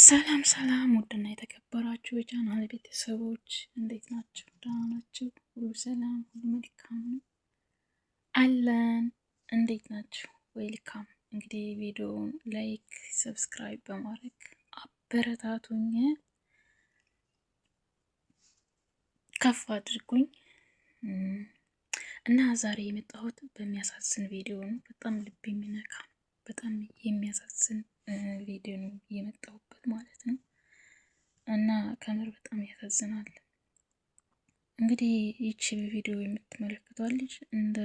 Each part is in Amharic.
ሰላም ሰላም፣ ውድና የተከበራችሁ የቻናል ቤተሰቦች እንዴት ናቸው? ደህና ናቸው? ሁሉ ሰላም፣ ሁሉ መልካም ነው አለን። እንዴት ናቸው? ዌልካም። እንግዲህ ቪዲዮውን ላይክ፣ ሰብስክራይብ በማድረግ አበረታቱኝ፣ ከፍ አድርጉኝ እና ዛሬ የመጣሁት በሚያሳዝን ቪዲዮ ነው። በጣም ልብ የሚነካ በጣም የሚያሳዝን ቪዲዮ ነው የመጣሁበት ማለት ነው። እና ከምር በጣም ያሳዝናል። እንግዲህ ይቺ ቪዲዮ የምትመለከቷት ልጅ እንደ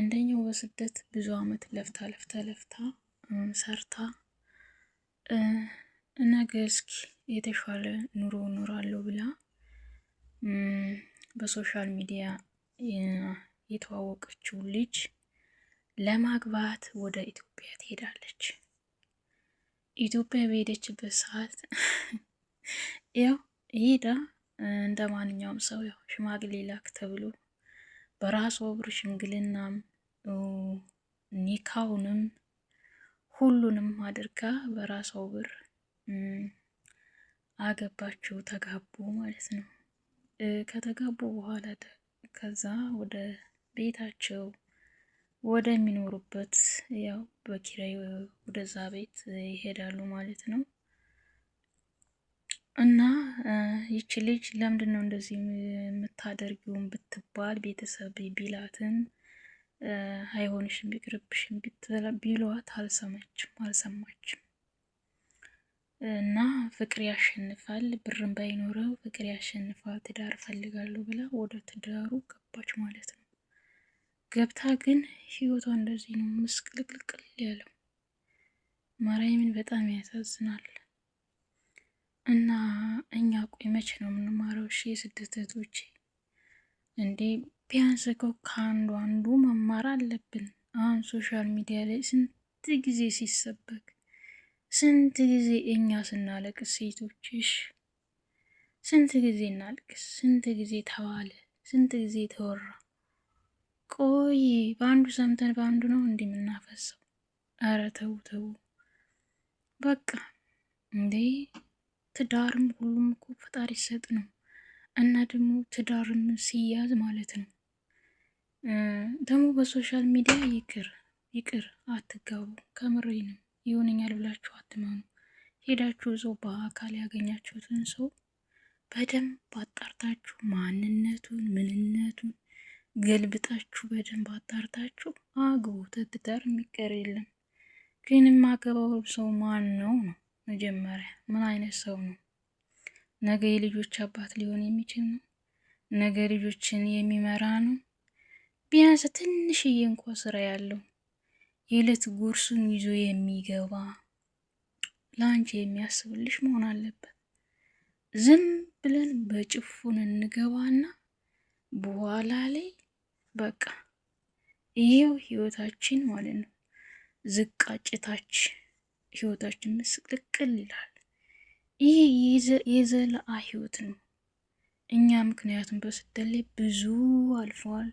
እንደኛው በስደት ብዙ አመት ለፍታ ለፍታ ለፍታ ሰርታ ነገ እስኪ የተሻለ ኑሮ እኖራለሁ ብላ በሶሻል ሚዲያ የተዋወቀችውን ልጅ ለማግባት ወደ ኢትዮጵያ ትሄዳለች። ኢትዮጵያ በሄደችበት ሰዓት ያው ሄዳ እንደ ማንኛውም ሰው ያው ሽማግሌ ላክ ተብሎ በራሱ ብር ሽምግልናም ኒካውንም ሁሉንም አድርጋ በራሷ ብር አገባችው፣ ተጋቡ ማለት ነው። ከተጋቡ በኋላ ከዛ ወደ ቤታቸው ወደሚኖሩበት ያው በኪራይ ወደዛ ቤት ይሄዳሉ ማለት ነው። እና ይቺ ልጅ ለምንድን ነው እንደዚህ የምታደርጊውን ብትባል ቤተሰብ ቢላትን አይሆንሽም ቢቅርብሽም ቢሏት አልሰማችም አልሰማችም። እና ፍቅር ያሸንፋል፣ ብርም ባይኖረው ፍቅር ያሸንፋል፣ ትዳር ፈልጋለሁ ብላ ወደ ትዳሩ ገባች ማለት ነው። ገብታ ግን ህይወቷ እንደዚህ ነው ምስቅልቅልቅል ያለው። ማርያምን በጣም ያሳዝናል። እና እኛ ቆይ መቼ ነው የምንማረው? እሺ የስደት እህቶች እንዴ ቢያንስ ከው ከአንዱ አንዱ መማር አለብን። አሁን ሶሻል ሚዲያ ላይ ስንት ጊዜ ሲሰበክ ስንት ጊዜ እኛ ስናለቅስ ሴቶችሽ ስንት ጊዜ እናልቅስ፣ ስንት ጊዜ ተባለ፣ ስንት ጊዜ ተወራ። ቆይ በአንዱ ሰምተን በአንዱ ነው እንዲህ የምናፈሰው? አረ ተው ተው በቃ እንዴ! ትዳርም ሁሉም እኮ ፈጣሪ ሰጥ ነው እና ደግሞ ትዳርም ሲያዝ ማለት ነው ደግሞ በሶሻል ሚዲያ ይቅር ይቅር አትጋቡ። ከምሬ ነው። ይሆነኛል ብላችሁ አትመኑ። ሄዳችሁ ሰው በአካል ያገኛችሁትን ሰው በደንብ አጣርታችሁ ማንነቱን ምንነቱን ገልብጣችሁ በደንብ አጣርታችሁ አግቡ። ትዳር የሚቀር የለም። ግን የማገባው ሰው ማን ነው ነው መጀመሪያ ምን አይነት ሰው ነው? ነገ የልጆች አባት ሊሆን የሚችል ነው? ነገ ልጆችን የሚመራ ነው? ቢያንስ ትንሽዬ እንኳ ስራ ያለው የዕለት ጉርሱን ይዞ የሚገባ ለአንቺ የሚያስብልሽ መሆን አለበት። ዝም ብለን በጭፉን እንገባና በኋላ ላይ በቃ ይህው ህይወታችን ማለት ነው። ዝቃጭታች ህይወታችን ምስቅልቅል ይላል። ይህ የዘለአ ህይወት ነው። እኛ ምክንያቱም በስደት ብዙ አልፈዋል፣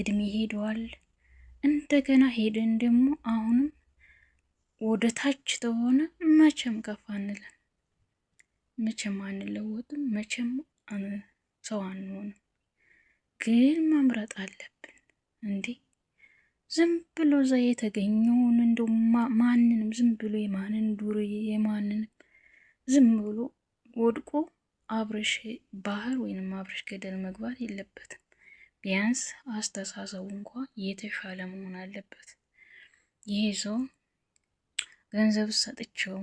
እድሜ ሄደዋል። እንደገና ሄደን ደግሞ አሁንም ወደ ታች ተሆነ መቼም ከፍ አንለን፣ መቼም አንለወጥም፣ መቼም ሰው አንሆንም። ግን መምረጥ አለብን እንዴ! ዝም ብሎ እዛ የተገኘውን እንደ ማንንም ዝም ብሎ የማንን ዱርዬ የማንንም ዝም ብሎ ወድቆ አብረሽ ባህር ወይንም አብረሽ ገደል መግባት የለበትም። ቢያንስ አስተሳሰቡ እንኳ የተሻለ መሆን አለበት። ይሄ ሰው ገንዘብ ሰጥቸው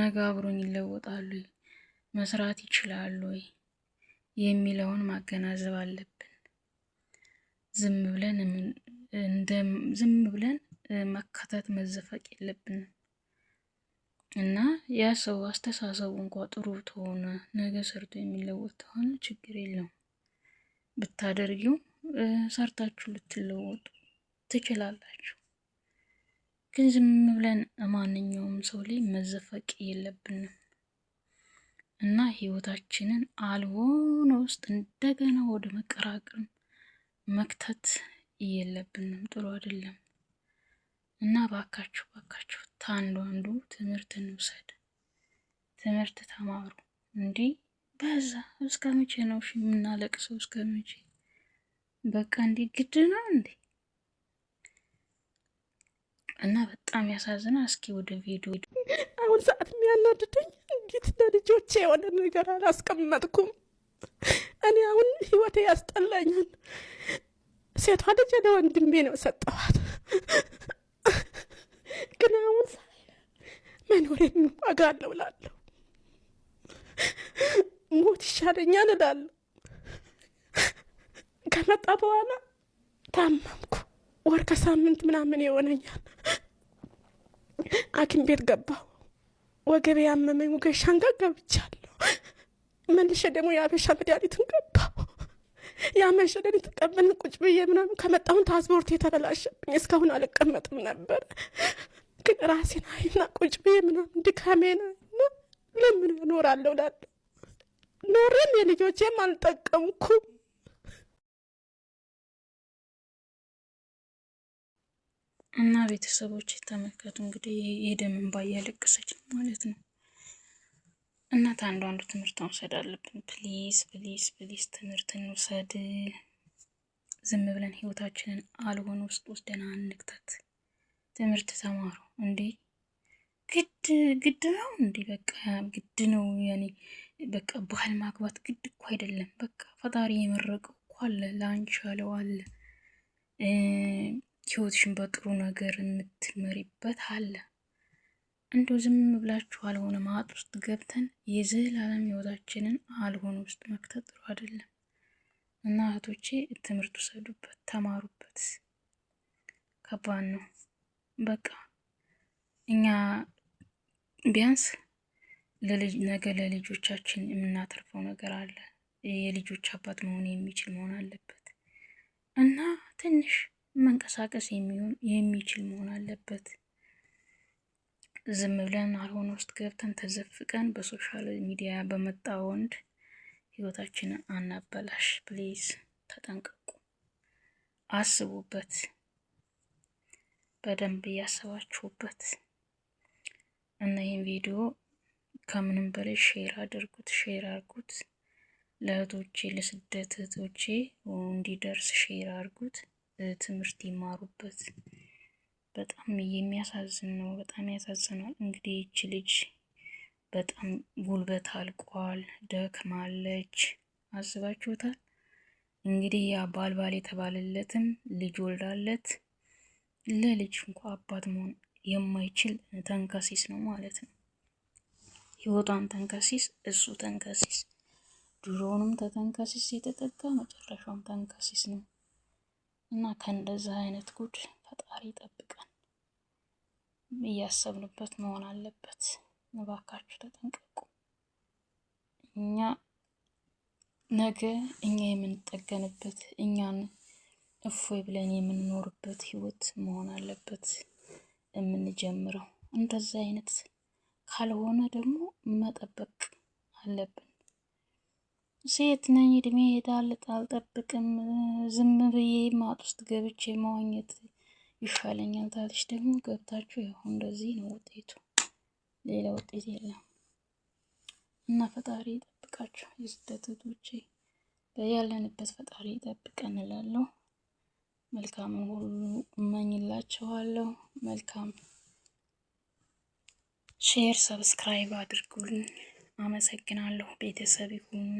ነገ አብሮኝ ይለወጣሉ፣ መስራት ይችላሉ የሚለውን ማገናዘብ አለብን። ዝም ብለን ዝም ብለን መዘፈቅ የለብንም እና ያ ሰው አስተሳሰቡ እንኳ ጥሩ ተሆነ ነገ ሰርቶ የሚለወጥ ተሆነ ችግር የለውም። ብታደርጊው ሰርታችሁ ልትለወጡ ትችላላችሁ። ግን ዝም ብለን ማንኛውም ሰው ላይ መዘፈቅ የለብንም እና ህይወታችንን አልሆነ ውስጥ እንደገና ወደ መቀራቅር መክተት የለብንም፣ ጥሩ አይደለም እና ባካችሁ ባካችሁ ታንዱ አንዱ ትምህርት እንውሰድ፣ ትምህርት ተማሩ። እንዲህ በዛ እስከ መቼ ነው እሺ የምናለቅሰው? እስከ መቼ በቃ እንዲህ ግድ ነው እንዴ? እና በጣም ያሳዝና። እስኪ ወደ ቪዲዮ አሁን ሰዓት የሚያናድደኝ እንዴት ለልጆቼ የሆነ ነገር አላስቀመጥኩም እኔ አሁን ህይወቴ ያስጠላኛል። ሴቷ ልጅ ለወንድሜ ነው ሰጠኋት፣ ግን አሁን መኖሬን ዋጋለሁ እላለሁ። ሞት ይሻለኛል እላለሁ። ከመጣ በኋላ ታመምኩ። ወር ከሳምንት ምናምን የሆነኛል ሐኪም ቤት ገባሁ። ወገቤ ያመመኝ ወገብ ሻንጋ ገብቻለሁ። መልሼ ደግሞ የአበሻ መድኃኒቱን ቀባው። የአበሻ መድኃኒቱን ቀበን ቁጭ ብዬ ምናምን ከመጣሁን ፓስፖርት የተበላሸብኝ እስካሁን አልቀመጥም ነበር። ግን ራሴን አይና ቁጭ ብዬ ምናምን ድካሜን አይና ለምን እኖራለሁ ላለ ኖርም የልጆቼም አልጠቀምኩም። እና ቤተሰቦች ተመልከቱ እንግዲህ የደም እንባ እያለቀሰች ማለት ነው። እናት አንዱ አንዱ ትምህርት መውሰድ አለብን። ፕሊዝ ፕሊዝ ፕሊዝ ትምህርት እንውሰድ። ዝም ብለን ህይወታችንን አልሆነ ውስጥ ወስደን አንክተት። ትምህርት ተማሩ እንዴ! ግድ ግድ ነው እንዴ? በቃ ግድ ነው ያኔ በቃ ባህል ማግባት ግድ እኮ አይደለም። በቃ ፈጣሪ የመረቀው እኮ አለ፣ ለአንቺ ያለው አለ፣ ህይወትሽን በጥሩ ነገር የምትመሪበት አለ። እንደው ዝም ብላችሁ አልሆነ ማጥ ውስጥ ገብተን የዘላለም ህይወታችንን አልሆነ ውስጥ መክተት ጥሩ አይደለም እና እህቶቼ ትምህርት ውሰዱበት፣ ተማሩበት። ከባድ ነው። በቃ እኛ ቢያንስ ነገ ለልጆቻችን የምናተርፈው ነገር አለ። የልጆች አባት መሆን የሚችል መሆን አለበት እና ትንሽ መንቀሳቀስ የሚሆን የሚችል መሆን አለበት። ዝም ብለን አልሆነ ውስጥ ገብተን ተዘፍቀን በሶሻል ሚዲያ በመጣ ወንድ ህይወታችንን አናበላሽ። ፕሊዝ ተጠንቀቁ፣ አስቡበት፣ በደንብ እያሰባችሁበት እና ይህን ቪዲዮ ከምንም በላይ ሼር አድርጉት፣ ሼር አድርጉት ለእህቶቼ ለስደት እህቶቼ እንዲደርስ ሼር አድርጉት፣ ትምህርት ይማሩበት። በጣም የሚያሳዝን ነው። በጣም ያሳዝነው እንግዲህ ይቺ ልጅ በጣም ጉልበት አልቋል፣ ደክማለች። አስባችሁታል? እንግዲህ ያ ባልባል የተባለለትም ልጅ ወልዳለት ለልጅ እንኳ አባት መሆን የማይችል ተንከሲስ ነው ማለት ነው። ህይወቷን ተንከሲስ፣ እሱ ተንከሲስ፣ ድሮውንም ተተንከሲስ የተጠጋ መጨረሻውም ተንከሲስ ነው እና ከእንደዛ አይነት ጉድ እያሰብንበት መሆን አለበት። እባካችሁ ተጠንቀቁ። እኛ ነገ እኛ የምንጠገንበት እኛን እፎይ ብለን የምንኖርበት ህይወት መሆን አለበት የምንጀምረው። እንደዚህ አይነት ካልሆነ ደግሞ መጠበቅ አለብን። ሴት ነኝ እድሜ ሄዳል አልጠብቅም ዝም ብዬ ማጥ ውስጥ ገብቼ መዋኘት ይሻለኛል ታለች። ደግሞ ገብታችሁ ያው እንደዚህ ነው ውጤቱ፣ ሌላ ውጤት የለም እና ፈጣሪ ይጠብቃችሁ። የስደት እህቶቼ ያለንበት ፈጣሪ ይጠብቀን እላለሁ። መልካምን ሁሉ እመኝላችኋለሁ። መልካም ሼር፣ ሰብስክራይብ አድርጉልኝ። አመሰግናለሁ። ቤተሰብ ይሁን።